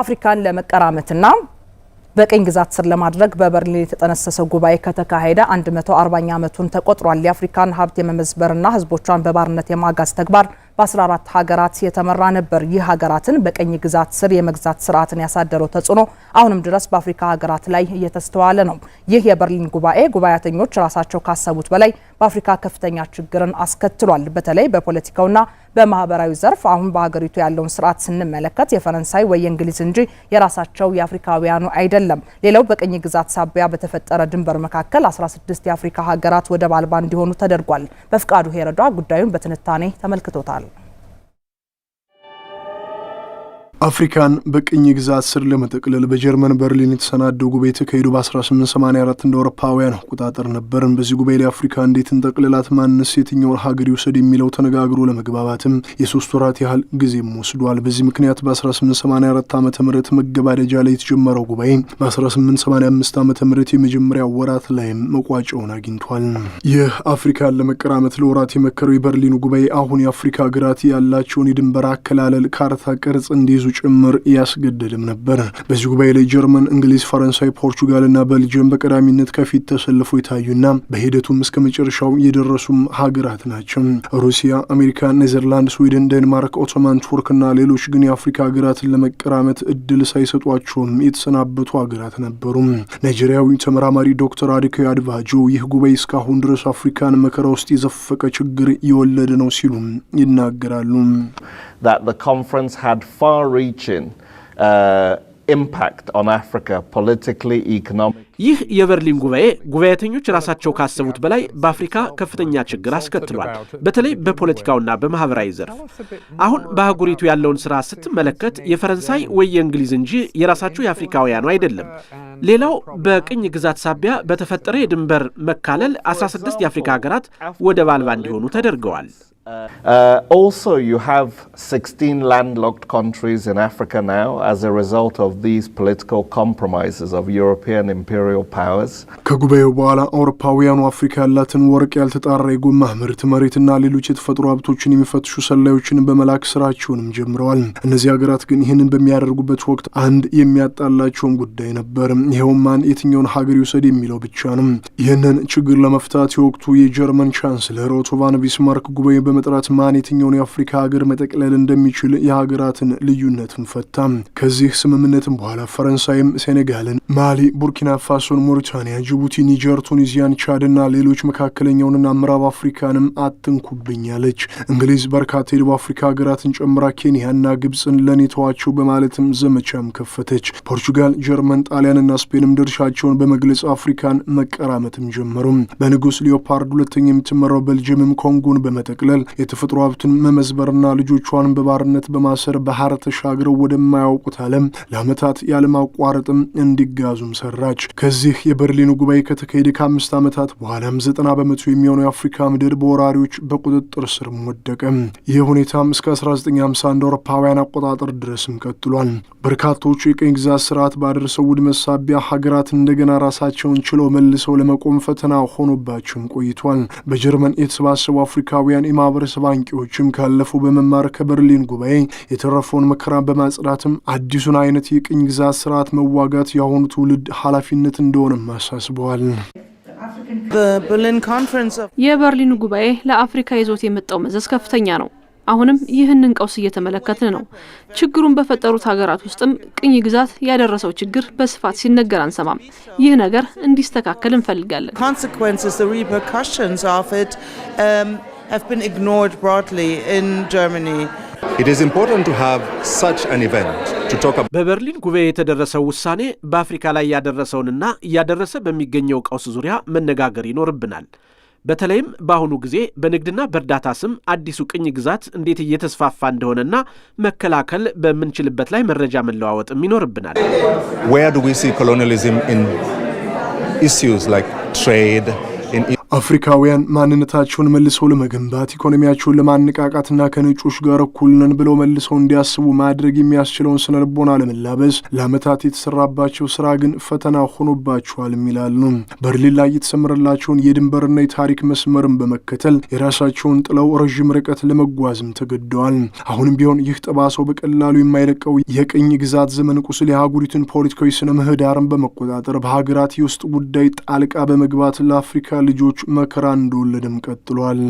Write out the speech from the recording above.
አፍሪካን ለመቀራመትና በቅኝ ግዛት ስር ለማድረግ በበርሊን የተጠነሰሰው ጉባኤ ከተካሄደ 140ኛ ዓመቱን ተቆጥሯል። የአፍሪካን ሀብት የመመዝበርና ህዝቦቿን በባርነት የማጋዝ ተግባር በ14 ሀገራት የተመራ ነበር። ይህ ሀገራትን በቅኝ ግዛት ስር የመግዛት ስርዓትን ያሳደረው ተጽዕኖ አሁንም ድረስ በአፍሪካ ሀገራት ላይ እየተስተዋለ ነው። ይህ የበርሊን ጉባኤ ጉባኤተኞች ራሳቸው ካሰቡት በላይ በአፍሪካ ከፍተኛ ችግርን አስከትሏል። በተለይ በፖለቲካውና በማህበራዊ ዘርፍ አሁን በሀገሪቱ ያለውን ስርዓት ስንመለከት የፈረንሳይ ወይ የእንግሊዝ እንጂ የራሳቸው የአፍሪካውያኑ አይደለም። ሌላው በቅኝ ግዛት ሳቢያ በተፈጠረ ድንበር መካከል 16 የአፍሪካ ሀገራት ወደብ አልባ እንዲሆኑ ተደርጓል። በፍቃዱ ሄረዷ ጉዳዩን በትንታኔ ተመልክቶታል። አፍሪካን በቅኝ ግዛት ስር ለመጠቅለል በጀርመን በርሊን የተሰናደው ጉባኤ የተካሄዱ በ1884 እንደ አውሮፓውያን አቆጣጠር ነበርን። በዚህ ጉባኤ ላይ አፍሪካ እንዴት እንጠቅልላት፣ ማንስ የትኛውን ሀገር ይውሰድ የሚለው ተነጋግሮ ለመግባባትም የሶስት ወራት ያህል ጊዜም ወስዷል። በዚህ ምክንያት በ1884 ዓ ም መገባደጃ ላይ የተጀመረው ጉባኤ በ1885 ዓ ም የመጀመሪያ ወራት ላይም መቋጫውን አግኝቷል። ይህ አፍሪካን ለመቀራመት ለወራት የመከረው የበርሊኑ ጉባኤ አሁን የአፍሪካ ሀገራት ያላቸውን የድንበር አከላለል ካርታ ቅርጽ እንዲይዙ ጭምር ያስገደድም ነበር። በዚህ ጉባኤ ላይ ጀርመን፣ እንግሊዝ፣ ፈረንሳይ፣ ፖርቹጋልና ቤልጅየም በቀዳሚነት ከፊት ተሰልፎ የታዩና በሂደቱም እስከ መጨረሻው የደረሱም ሀገራት ናቸው። ሩሲያ፣ አሜሪካ፣ ኔዘርላንድ፣ ስዊድን፣ ዴንማርክ፣ ኦቶማን ቱርክና ሌሎች ግን የአፍሪካ ሀገራትን ለመቀራመት እድል ሳይሰጧቸውም የተሰናበቱ ሀገራት ነበሩ። ናይጄሪያዊ ተመራማሪ ዶክተር አዲካዮ አድቫጆ ይህ ጉባኤ እስካሁን ድረስ አፍሪካን መከራ ውስጥ የዘፈቀ ችግር የወለደ ነው ሲሉ ይናገራሉ። far-reaching uh, impact on Africa politically, economically. ይህ የበርሊን ጉባኤ ጉባኤተኞች ራሳቸው ካሰቡት በላይ በአፍሪካ ከፍተኛ ችግር አስከትሏል፣ በተለይ በፖለቲካውና በማህበራዊ ዘርፍ። አሁን በአህጉሪቱ ያለውን ስራ ስትመለከት የፈረንሳይ ወይ የእንግሊዝ እንጂ የራሳቸው የአፍሪካውያኑ አይደለም። ሌላው በቅኝ ግዛት ሳቢያ በተፈጠረ የድንበር መካለል 16 የአፍሪካ ሀገራት ወደብ አልባ እንዲሆኑ ተደርገዋል። Uh, also, you have 16 landlocked countries in Africa now as a result of these political compromises of European imperial powers. ከጉባኤው በኋላ አውሮፓውያኑ አፍሪካ ያላትን ወርቅ ያልተጣራ የጎማ ምርት፣ መሬትና ሌሎች የተፈጥሮ ሀብቶችን የሚፈትሹ ሰላዮችን በመላክ ስራቸውንም ጀምረዋል። እነዚህ ሀገራት ግን ይህንን በሚያደርጉበት ወቅት አንድ የሚያጣላቸውን ጉዳይ ነበር። ይኸውም ማን የትኛውን ሀገር ይውሰድ የሚለው ብቻ ነው። ይህንን ችግር ለመፍታት የወቅቱ የጀርመን ቻንስለር ኦቶ ቫን ቢስማርክ ጉባኤ በመጥራት ማን የትኛውን የአፍሪካ ሀገር መጠቅለል እንደሚችል የሀገራትን ልዩነትን ፈታ። ከዚህ ስምምነትም በኋላ ፈረንሳይም ሴኔጋልን፣ ማሊ፣ ቡርኪና ፋሶን፣ ሞሪታንያ፣ ጅቡቲ፣ ኒጀር፣ ቱኒዚያን፣ ቻድና ሌሎች መካከለኛውንና ምዕራብ አፍሪካንም አትንኩብኛለች። እንግሊዝ በርካታ የደቡብ አፍሪካ ሀገራትን ጨምራ ኬንያና ግብፅን ለኔ ተዋቸው በማለትም ዘመቻም ከፈተች። ፖርቹጋል፣ ጀርመን፣ ጣሊያንና ስፔንም ድርሻቸውን በመግለጽ አፍሪካን መቀራመትም ጀመሩም። በንጉስ ሊዮፓርድ ሁለተኛ የምትመራው ቤልጅየምም ኮንጎን በመጠቅለል መካከል የተፈጥሮ ሀብትን መመዝበርና ልጆቿን በባርነት በማሰር ባህር ተሻግረው ወደማያውቁት ዓለም ለአመታት ያለማቋረጥም እንዲጋዙም ሰራች። ከዚህ የበርሊኑ ጉባኤ ከተካሄደ ከአምስት ዓመታት በኋላም ዘጠና በመቶ የሚሆነው የአፍሪካ ምድር በወራሪዎች በቁጥጥር ስር ወደቀ። ይህ ሁኔታም እስከ 1950 እንደ አውሮፓውያን አቆጣጠር ድረስም ቀጥሏል። በርካቶቹ የቀኝ ግዛት ስርዓት ባደረሰው ውድመት ሳቢያ ሀገራት እንደገና ራሳቸውን ችለው መልሰው ለመቆም ፈተና ሆኖባቸውም ቆይቷል። በጀርመን የተሰባሰቡ አፍሪካውያን ማህበረሰብ አንቂዎችም ካለፉ በመማር ከበርሊን ጉባኤ የተረፈውን መከራ በማጽዳትም አዲሱን አይነት የቅኝ ግዛት ስርዓት መዋጋት የአሁኑ ትውልድ ኃላፊነት እንደሆነም አሳስበዋል። የበርሊኑ ጉባኤ ለአፍሪካ ይዞት የመጣው መዘዝ ከፍተኛ ነው። አሁንም ይህንን ቀውስ እየተመለከትን ነው። ችግሩን በፈጠሩት ሀገራት ውስጥም ቅኝ ግዛት ያደረሰው ችግር በስፋት ሲነገር አንሰማም። ይህ ነገር እንዲስተካከል እንፈልጋለን። have been ignored broadly in Germany. It is important to have such an event to talk about. በበርሊን ጉባኤ የተደረሰው ውሳኔ በአፍሪካ ላይ ያደረሰውንና እያደረሰ በሚገኘው ቀውስ ዙሪያ መነጋገር ይኖርብናል። በተለይም በአሁኑ ጊዜ በንግድና በእርዳታ ስም አዲሱ ቅኝ ግዛት እንዴት እየተስፋፋ እንደሆነና መከላከል በምንችልበት ላይ መረጃ መለዋወጥም ይኖርብናል። Where do we see colonialism in issues like trade? አፍሪካውያን ማንነታቸውን መልሰው ለመገንባት ኢኮኖሚያቸውን ለማነቃቃትና ከነጮች ጋር እኩል ነን ብለው መልሰው እንዲያስቡ ማድረግ የሚያስችለውን ስነልቦና ለመላበስ ለዓመታት የተሰራባቸው ስራ ግን ፈተና ሆኖባቸዋል ይላሉ። በርሊን ላይ የተሰመረላቸውን የድንበርና የታሪክ መስመርን በመከተል የራሳቸውን ጥለው ረዥም ርቀት ለመጓዝም ተገደዋል። አሁንም ቢሆን ይህ ጠባሳው በቀላሉ የማይለቀው የቅኝ ግዛት ዘመን ቁስል የአህጉሪቱን ፖለቲካዊ ስነ ምህዳርን በመቆጣጠር በሀገራት የውስጥ ጉዳይ ጣልቃ በመግባት ለአፍሪካ ልጆች መከራ እንደወለደም ቀጥሏል።